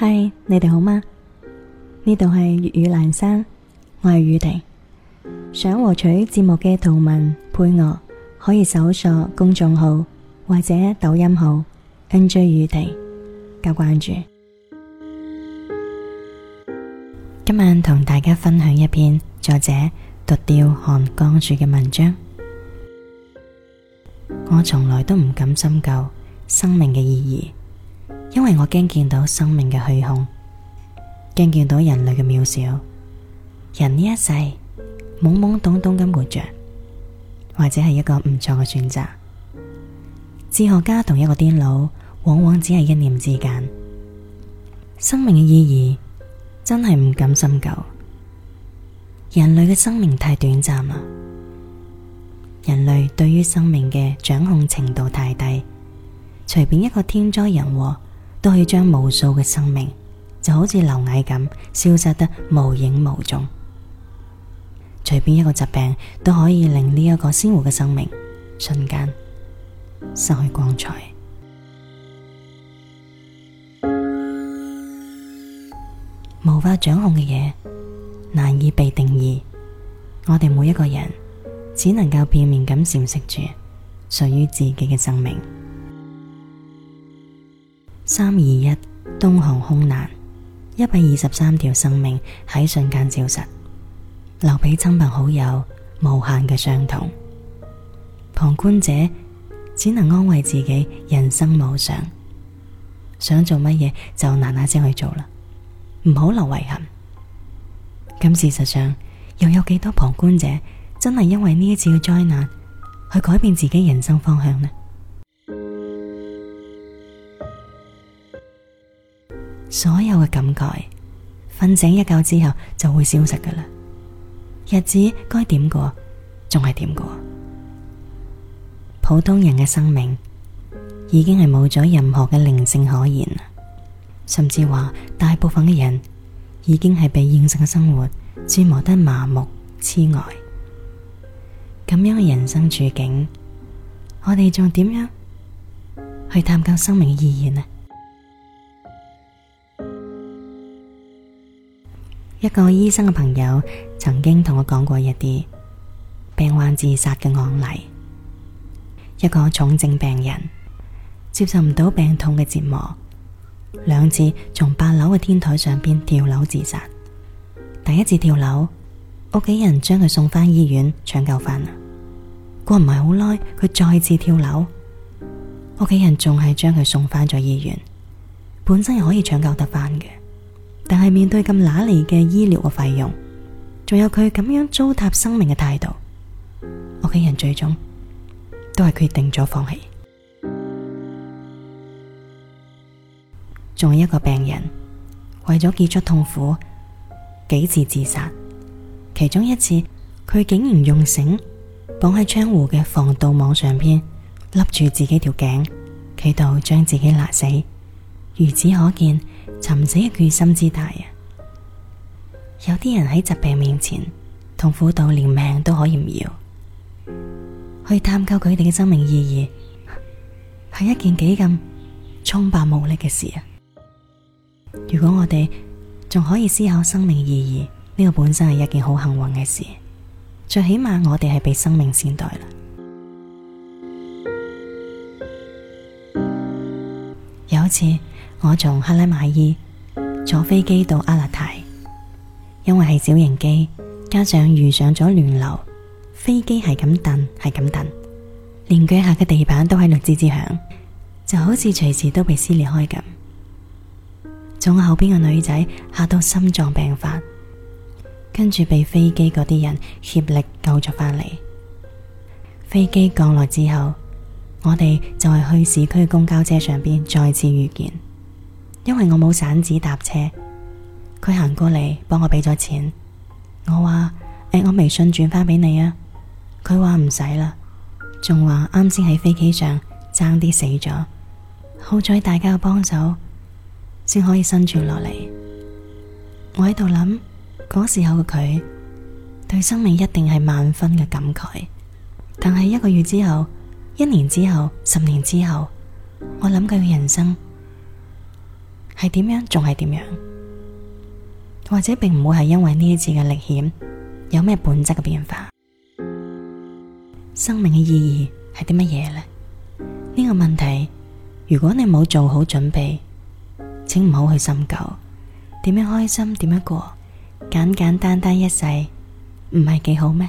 嗨，Hi, 你哋好嗎？呢度係粵語闌珊，我係宇婷。想獲取節目嘅圖文配樂，可以搜索公眾號或者抖音號 NJ 宇婷加關注。今晚同大家分享一篇作者獨釣寒江雪嘅文章。我從來都唔敢深究生命嘅意義，因為我驚見到生命嘅虛空，驚見到人類嘅渺小，人呢一世懵懵懂懂咁活着，或者係一個唔錯嘅選擇。哲學家同一個癲佬，往往只係一念之間。生命嘅意義真係唔敢深究，人類嘅生命太短暫啦，人類對於生命嘅掌控程度太低，隨便一個天災人禍。都可以將無數嘅生命，就好似螻蟻咁，消失得無影無蹤。隨便一個疾病，都可以令呢一個鮮活嘅生命瞬間失去光彩。無法掌控嘅嘢，難以被定義。我哋每一個人，只能夠片面咁闡釋住屬於自己嘅生命。三二一，21，東航空難，一百二十三條生命喺瞬間消失，留俾親朋好友無限嘅傷痛。旁觀者只能安慰自己，人生無常，想做乜嘢就嗱嗱聲去做啦，唔好留遺憾。咁事實上，又有幾多旁觀者真係因為呢一次嘅災難去改變自己人生方向呢？所有嘅感慨，瞓醒一覺之後就會消失㗎喇。日子該點過，仲係點過？普通人嘅生命，已經係冇咗任何嘅靈性可言，甚至話大部分嘅人，已經係被現實嘅生活折磨得麻木痴呆。咁樣嘅人生處境，我哋仲點樣去探究生命嘅意義呢？一個醫生嘅朋友曾經同我講過一啲病患自殺嘅案例，一個重症病人接受唔到病痛嘅折磨，兩次從八樓嘅天台上邊跳樓自殺。第一次跳樓，屋企人將佢送翻醫院搶救翻啦。過唔係好耐，佢再次跳樓，屋企人仲係將佢送翻咗醫院，本身係可以搶救得翻嘅。但係面對咁乸嚟嘅醫療嘅費用，仲有佢咁樣糟蹋生命嘅態度，屋企人最終都係決定咗放棄。仲有一個病人為咗結束痛苦，幾次自殺，其中一次佢竟然用繩綁喺窗戶嘅防盜網上邊，笠住自己條頸，企圖將自己勒死。如此可見。尋死嘅決心之大啊！有啲人喺疾病面前痛苦到連命都可以唔要，去探究佢哋嘅生命意義，係一件幾咁蒼白無力嘅事啊！如果我哋仲可以思考生命意義，呢、呢個本身係一件好幸運嘅事。最起碼我哋係被生命善待啦。 有一次。我從克拉瑪依坐飛機到阿勒泰，因為係小型機，加上遇上咗亂流，飛機係咁頓，係咁頓，連腳下嘅地板都係吱吱響，就好似隨時都被撕裂開咁。坐我後邊嘅女仔吓到心臟病發，跟住被飛機嗰啲人協力救咗翻嚟。飛機降落之後，我哋就係去市區公交車上邊再次遇見。因為我冇散紙搭車，佢行過嚟幫我俾咗錢。我話誒、哎，我微信轉翻俾你啊。佢話唔使啦，仲話啱先喺飛機上爭啲死咗，好在大家嘅幫手先可以生存落嚟。我喺度諗嗰時候嘅佢，對生命一定係萬分嘅感慨。但係一個月之後、一年之後、十年之後，我諗佢嘅人生。係點樣仲係點樣？或者並唔會係因為呢一次嘅歷險有咩本質嘅變化？生命嘅意義係啲乜嘢呢？呢個問題，如果你冇做好準備，請唔好去深究。點樣開心？點樣過？簡簡單單一世，唔係幾好咩？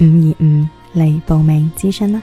五二五嚟報名諮詢啦！